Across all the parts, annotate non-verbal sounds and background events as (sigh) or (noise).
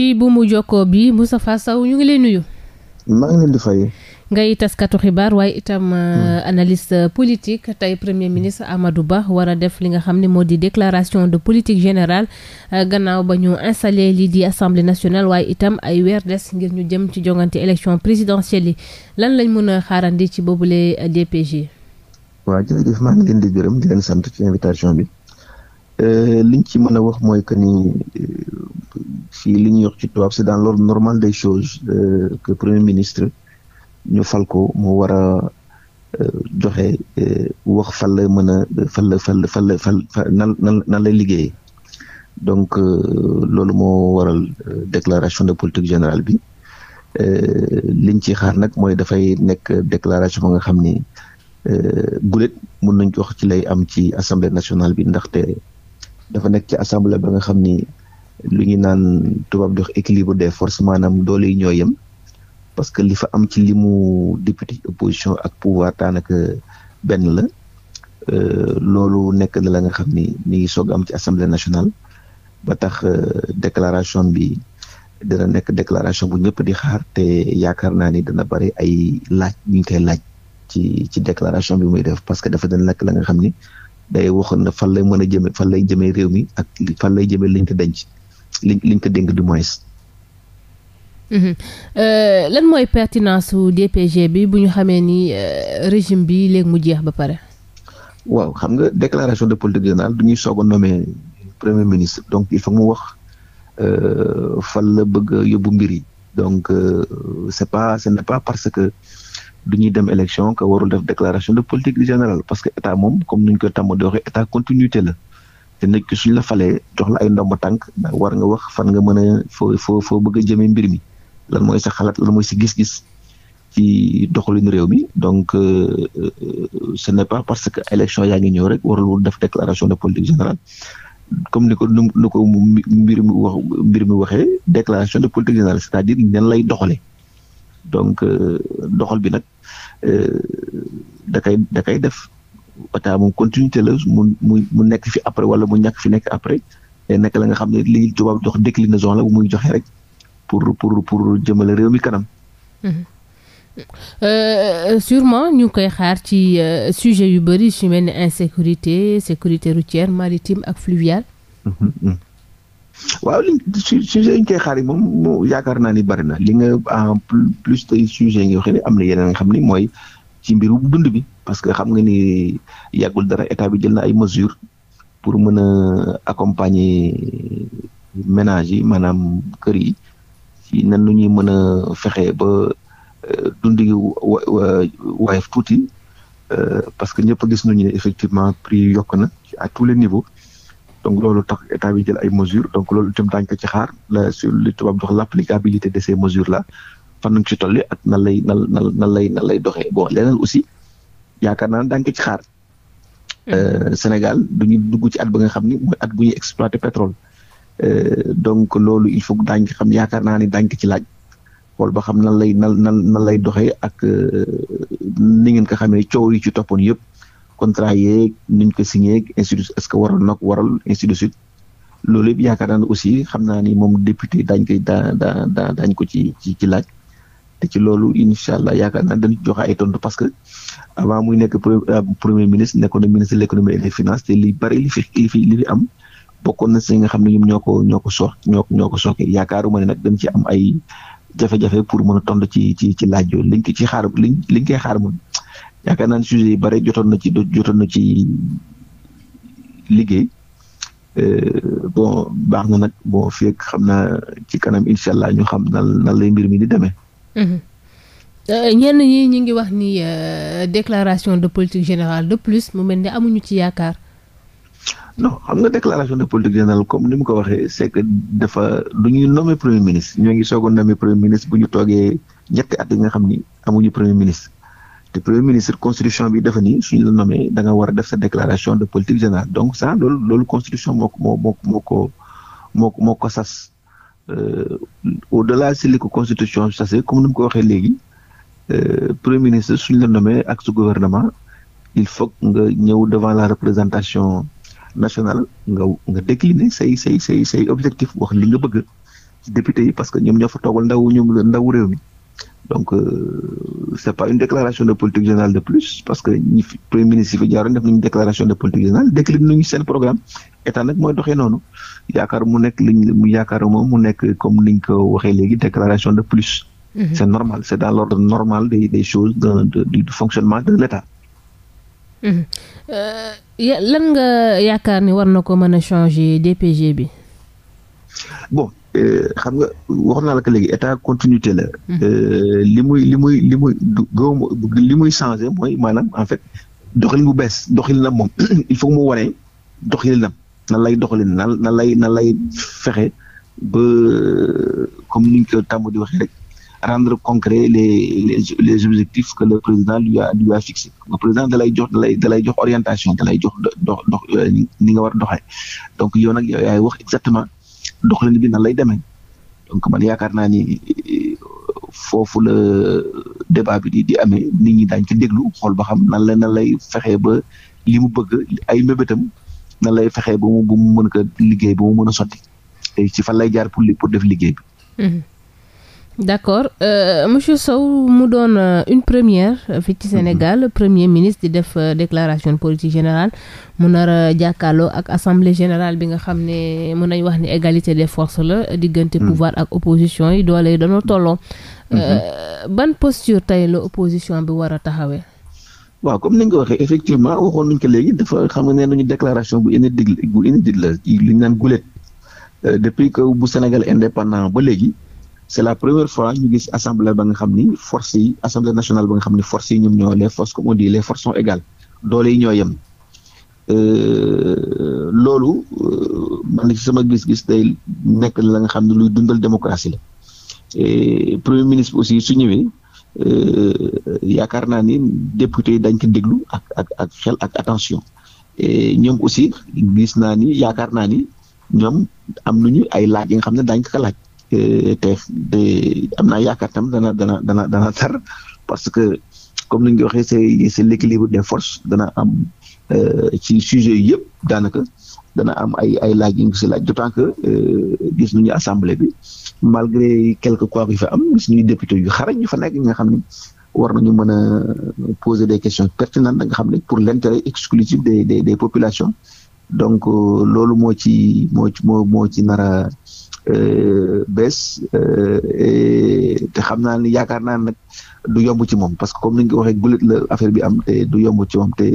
ci buumu jokkoo bi Moustapha saw ñu ngi lay nuyu. maa nga leen di fay. ngay taskatu xibaar waaye itam euh, mm. analyste politique tey premier ministre Amadou Ba war a def li nga xam ne moo di déclaration de politique général euh, gannaaw ba ñu installé lii di assemblée nationale waaye itam ay weer des ngir ñu jëm ci jongante élection présidentielle yi lan lañ mën a xaarandi ci boobule euh, DPG. waaw jërëjëf maa ngi leen di gërëm leen sant ci invitation bi liñ ci mën a fii li ñuy wax ci tubaab c'est dans l'ordre normal des chose euh, que premier ministre ñu fal ko mu war a euh, joxe euh, wax fan la mën a fan la fan fan la fan nan nan lay liggéeyee donc euh, loolu moo waral déclaration de politique générale bi liñ ci xaar nag mooy dafay nekk déclaration ba nga xam ni gulet mun nañ ko wax ci lay am ci assemblée nationale bi ndaxte dafa nekk ci assemblée ba nga xam ni lu ñu naan tubaab jox wax équilibre des forces maanaam doole yi ñoo yem parce que li fa am ci li mu député opposition ak pouvoir daanaka benn la euh, loolu nekk na la nga xam ni mi ngi soog am ci assemblée nationale ba tax euh, déclaration bi dana nekk déclaration bu ñëpp di xaar te yaakaar naa ni dana bari ay laaj ñu ngi koy laaj ci ci déclaration bi muy def parce que dafa dana nekk la nga xam ni day waxoon na fan lay mën a jëme fan lay jëmee réew mi ak fan lay jëmee liñ ko denc liñ ko dénk du moins. Mhm. Euh, lan mooy pertinence su DPG bi bu ñu xamee ni euh, régime bi léegi mu jeex ba pare. waaw xam nga déclaration de politique générale du ñuy soog a nommer premier ministre donc il faut mu wax euh, fan la bëgg a yóbbu mbir yi donc c' est pas ce n' est pas parce que du ñuy dem élection que warul def déclaration de politique générale parce que état moom comme ni ñu ko tàmm état continuité la. te nekk ki suñ la falee jox la ay ndomb tànk war nga wax fan nga mën a foo foo foo bëgg a jëmee mbir mi lan mooy sax xalaat lan mooy si gis-gis ci doxalinu réew mi donc euh, euh, ce n'est pas parce que élection yaa ngi ñëw rek warul def déclaration de politique générale comme ni ko nu ko mbir mbir mu waxee déclaration de politique générale c'est-à-dire ñan lay doxalee donc euh, doxal bi nag da kay da kay def état moom continuité la mu mu mu nekk fi après wala mu ñàkk fi nekk après te nekk la nga xam ne li tubaab dox déclinaison la bu muy joxe rek pour pour pour jëmale réew mi kanam. Euh, sûrement ñu ngi koy xaar ci euh, sujet yu bëri su mel ni insécurité sécurité routière maritime ak fluviale. Mm-hmm, mm-hmm. waaw li sujet yi ñu koy xaar yi moom yaakaar naa ni bari na li nga en plus tey sujet yi nga am na yeneen nga xam ni mooy. ci mbirum dund bi parce que xam nga ni yàggul dara état bi jël na ay mesures pour mën a accompagner ménages yi maanaam kër yi ci nan nu ñuy mën a fexe ba euh, dund gi woyof tuuti euh, parce que ñëpp gis nañu ne effectivement prix yokk na à tous les niveaux donc loolu tax état bi jël ay mesures donc loolu itam daañu ci xaar la sur li tubaab dox l' de ces mesures là fan lañ ci tolli ak nan lay nan nan nan lay nan lay doxee bon leneen aussi yaakaar naa daa ngi ci xaar. Mm-hmm. Euh, Sénégal du ñu dugg ci at ba nga xam ni mooy at bu ñuy exploité pétrole. Euh, donc loolu il faut que daañu xam yaakaar naa ni daañu ci laaj xool ba xam nan lay nan nan nan lay doxee ak euh, ni ngeen ko xamee coow yi ci toppoon yëpp contrat yeeg nuñ ko signé ainsi de est-ce que waral nag waral ainsi de loolu yëpp yaakaar naa ne aussi xam naa ni moom député dañ koy daa daa daañ ko ci ci ci laaj. te ci loolu incha allah yaakaar naa dañ joxe ay tontu parce que avant muy nekk euh, premier ministre nekkoon na ministre de l' économie et des finances te li bari li fi li fi li fi am bokkoon na si nga xam ne ñoom ñoo ko ñoo ko sox ñoo ñoo ko soxee yaakaaruma ne nag dañ ci am ay jafe-jafe pour mën a tontu ci ci ci laaj yooyu liñ ko ci xaar liñ liñ koy xaar moom yaakaar naan ne sujet yi bari jotoon na ci jotoon na ci liggéey. Euh, bon baax na nag bon fekk xam naa ci kanam incha allah ñu xam nan nan lay mbir mi di demee. Mhm. Euh, ñenn ñi ñu ngi wax ni euh, déclaration de politique générale de plus mu mel ni amuñu ci yaakaar. non xam nga déclaration de politique générale comme ni mu ko waxee c'est que dafa du ñuy nommer premier ministre ñoo ngi soog a nommer premier ministre bu ñu toogee ñetti at nga xam ni amuñu premier ministre. te premier ministre constitution bi dafa ni suñu la nommé da nga war a def sa déclaration de politique générale donc ça loolu loolu constitution moo ko moo moo moo ko moo moo ko sas. Euh, au-delà si li ko constitution bi sase comme ni mu ko waxee léegi euh, premier ministre suñ la nommé ak su gouvernement il faut nga ñëw devant la représentation nationale nga nga décliner say say say say objectif wax li nga bëgg député yi parce que ñoom ñoo fa toogal ndaw ñoom ndaw réew mi donc euh, c'est pas une déclaration de politique générale de plus parce que ñi fi premier ministre yi fi jaaroon def nañu déclaration de politique générale décliné nañu seen mu nekk liñ ko waxee léegi déclaration de plus. Mhm. c'est normal c'est dans l'ordre normal des des de fonctionnement de l'État. Mhm. Euh, lan nga yaakaar ni war na ko mën a changer DPG bi. bon Euh, xam nga wax naa la ko léegi état continuité la. Mm-hmm. Euh, li muy li muy li muy li muy changé mooy maanaam en fait doxalin bu bees na moom (clears throat) il faut mu wane doxalinam na lay doxalin nan nan lay nan lay fexe ba comme ni ñu ko tàmm di waxee rek. rendre concret les les les objectifs que le président lui a lui a fixé le président dalay jox dalay dalay orientation dalay jox dox dox euh, ni war doxee donc yow nag yow exactement doxalin bi na lay demee donc man yaakaar naa ni foofu la débat bi di di amee nit ñi daañ ci déglu xool ba xam nan la nan lay fexee ba li mu bëgg ay mébétam nan lay fexe ba mu ba mu mën ko liggéey ba mu mën a sotti te ci fan lay jaar pour pour def liggéey bi. Mm-hmm. d' accord euh, monsieur Sow mu doon euh, une première euh, fii ci Sénégal mm-hmm. premier ministre di def euh, déclaration politique générale mu nar a jàkkaarloo ak assemblée général bi nga xam ne mën nañ wax ni égalité des force la diggante mm-hmm. pouvoir ak opposition yi doole yi dañoo tolloo mm-hmm. ban posture tey la opposition bi war a taxawee waaw comme ni nga ko waxee effectivement waxoon nañ ko léegi dafa xam nga ne nañu déclaration bu inédit bu inédit la li ñu naan gulet depuis que bu Sénégal indépendant ba léegi c'est la première fois ñu gis assemblée ba nga xam ni force yi assemblée nationale ba nga xam ni force yi ñoom ñoo les forces comme on dit les forces sont égales doole yi ñoo yem euh, loolu euh, man ci sama gis-gis day nekk la nga xam ne luy dundal démocratie la et premier ministre aussi su ñëwee euh, yaakaar naa ni député yi dañ ko déglu ak ak ak xel ak attention et ñoom aussi gis naa ni yaakaar naa ni ñoom am ñu ay laaj yi nga xam ne daañu ko laaj. E tf de am naa yaakaar tam dana dana dana dana tar parce que comme ni ñu waxee c'est c'est l'équilibre des forces dana am euh, ci sujet yëpp daanaka dana am ay ay laaj yu ngi si laaj d'autant que euh, gis nañu assemblée bi malgré quelques quoi yu fa am gis nañu député yu xarañ ñu fa nekk ñi nga xam ne war ñu mën a poser des questions pertinentes nga xam ne pour l'intérêt exclusif de des des populations donc euh, loolu moo ci moo ci moo moo ci nar a euh, bees euh, naa ni yaakaar naa nag du yomb ci moom parce que comme ni nga ko waxee gulit affaire bi am te du yomb ci moom te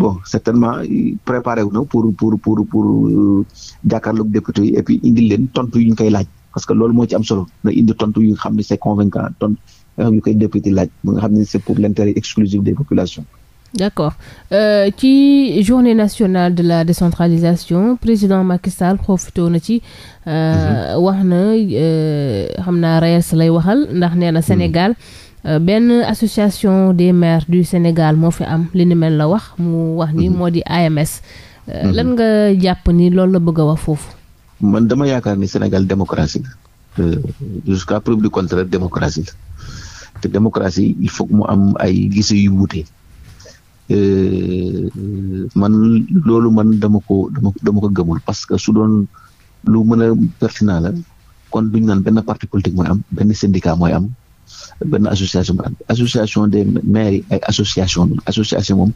bon certainement préparé wu na pour pour pour pour jàkkaarloog député yi et puis indil leen tontu yu ñu koy laaj parce que loolu moo ci am solo na indi tontu yu nga xam ne c'est convaincant tontu yu koy député laaj bu nga xam ne c'est pour l'intérêt exclusif des population accord euh, ci journée nationale de la décentralisation président Macky Sall profité na ci. Euh, mhm. wax na euh, xam naa REES lay waxal ndax nee na mhm. Sénégal. Euh, benn association des maires du Sénégal moo fi am li ni mel la wax mu wax ni mhm. moo di AMS. Euh, lan nga jàpp ni loolu la bëgg a wax foofu. man dama yaakaar ni Sénégal démocratie la. jusqu'à preuve du contraire démocratie la te démocratie il faut mu am ay gise yu wuute. Euh, man loolu man dama ko dama dama ko gëmul parce que su doon lu mën a pertinent la kon duñu naan benn parti politique mooy am benn syndicat mooy am benn association mooy am association des maires ay association association moom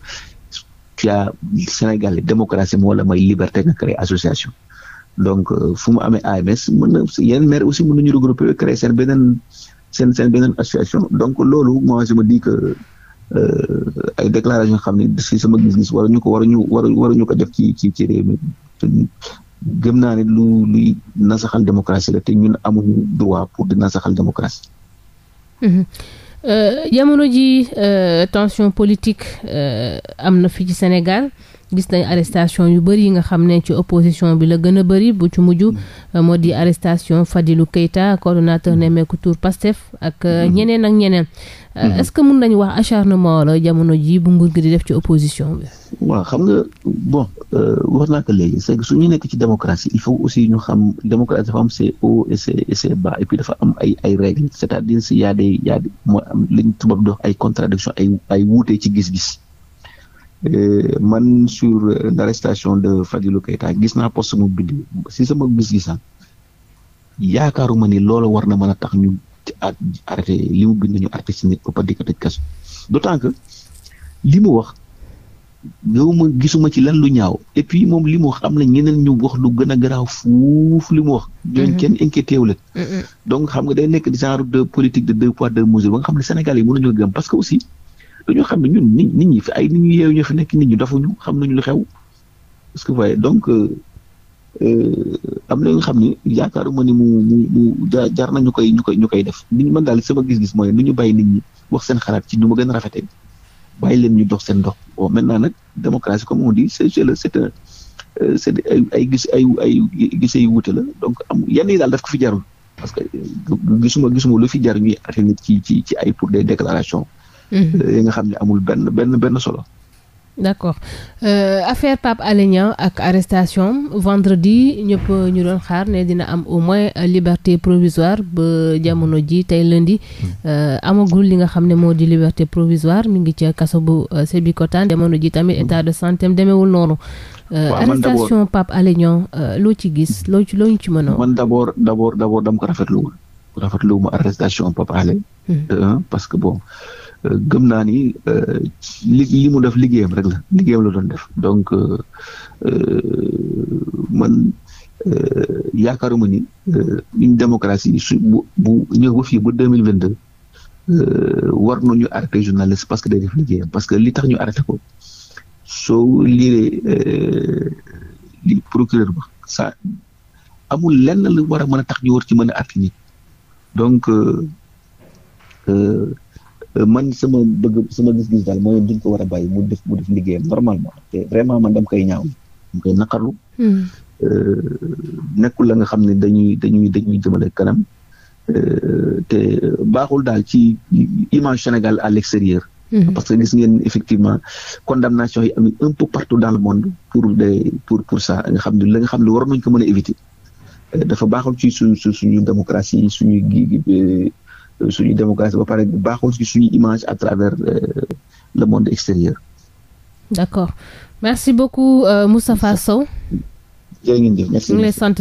tu as Sénégal démocratie moo wala may liberté nga créer association donc euh, fu mu amee AMS mën na yeneen maire aussi mën nañu regrouper créer seen beneen seen seen beneen association donc loolu moi je me dis Euh, ay déclaration xam ne si sama gis-gis ñu ko waruñu ñu ko def ci ci ci réew mi gëm naa ni lu luy nasaxal démocratie la te ñun amuñu droit pour di nasaxal démocratie. Euh, jamono ji euh, tension politique am na fii ci Sénégal. gis nañ arrestation yu bëri yi nga xam ne ci opposition bi la gën a bëri bu ci mujj mm. moo di arrestation fadilu Keita coordonnateur Nemmeeku Tour Pastef ak euh, mm. ñeneen ak ñeneen euh, mm. est-ce que mun nañu wax acharnement la jamono ji bu nguur gi di def ci opposition bi waaw xam nga bon euh, war naa ko léegi c'est su ñu nekk ci démocratie il faut aussi ñu xam démocratie dafa am c'est haut et c'est et puis dafa am ay ay règles c'est-à-dire si yaa de yaa de mooy am liñ tubaab di wax ay contradiction ay ay ci gis-gis Eh, man sur l'arrestation de Fadilou Keita gis naa poste mu bind si sama gis-gisaan yaakaaruma ni loolu war na mën a tax ñu arrêté li mu bind ñu arrêté si nit ba pare di ko tëj kaso que li mu wax yow ma gisuma ci lan lu ñaaw et puis moom li mu wax am na ñeneen ñu wax lu gën a garaaw fuuf li mu wax. ñooñu mm-hmm. kenn inquiété wu leen. donc xam nga day nekk genre de politique de deux poids deux mesures ba nga xam ne Sénégal yi mënuñoo gëm parce que aussi. dañoo xam ne ñun nit nit ñi fi ay nit ñu yeewu ñoo fi nekk nit ñi dafuñu xam nañu lu xew parce que waaye donc euh, euh, am na nga xam ne yaakaaruma ni mu mu mu jaar na ñu koy ñu koy ñu koy def ni man daal sama gis mooy nu ñu bàyyi nit ñi wax seen xalaat ci nu ma gën a rafetee bàyyi leen ñu dox seen dox bon maintenant nag démocratie comme on dit c'est c'est un euh, c'est ay gis ay ay gisee yu wuute la donc am yenn yi daal def ko fi jarul parce que gisuma gisuma lu fi jar ñu àtte ci ci ci ay pour des déclaration Mm-hmm. yi nga xam ne amul benn benn benn solo. d' accord euh, affaire Pape Alé Niang ak arrestation vendredi ñëpp ñu doon xaar ne dina am au moins liberté provisoire ba jamono ji tey lundi mm-hmm. euh, amagul li nga xam ne moo di liberté provisoire mu ngi ca kaso bu uh, Sébikotane jamono ji tamit mm-hmm. état de santé am demeewul noonu. Euh, arrestation Pape Alé Niang euh, loo ci gis loo ci loo ñu ci mën a. man d' abord d' abord d' abord ko rafetluwul rafetluwuma arrestation Pape Alé. parce que bon. gëm naa ni euh, li li mu def liggéeyam rek la liggéeyam la doon def donc euh, euh, man yaakaaruma ni une démocratie su bu bu ñëw ba fii ba deux mille vingt deux war nañu arrêté journaliste parce que day def liggéeyam parce que li tax ñu arrêté ko soo liiree li procureur ba sa amul lenn lu war a mën a tax ñu war ci mën a arrêté nit donc Euh, man sama bëgg sama gis-gis daal mooy duñ ko war a bàyyi mu def mu def liggéeyam normalement te vraiment man dama koy ñaaw dama koy naqarlu hmm. euh, nekkul la nga xam ne dañuy dañuy dañuy jëmale kanam euh, te baaxul daal ci image Sénégal à l'extérieur hmm. parce que gis ngeen effectivement condamnation yi am un peu partout dans le monde pour des pour pour ça nga xam ne la nga xam ne waroon nañu ko mën a éviter dafa baaxul ci su su suñu démocratie suñu suñu démocratie ba pare baaxul ci suñu image à travers euh, le monde extérieur. d' accord merci beaucoup euh, Moustapha Sow. jërë ngeen jëf merci.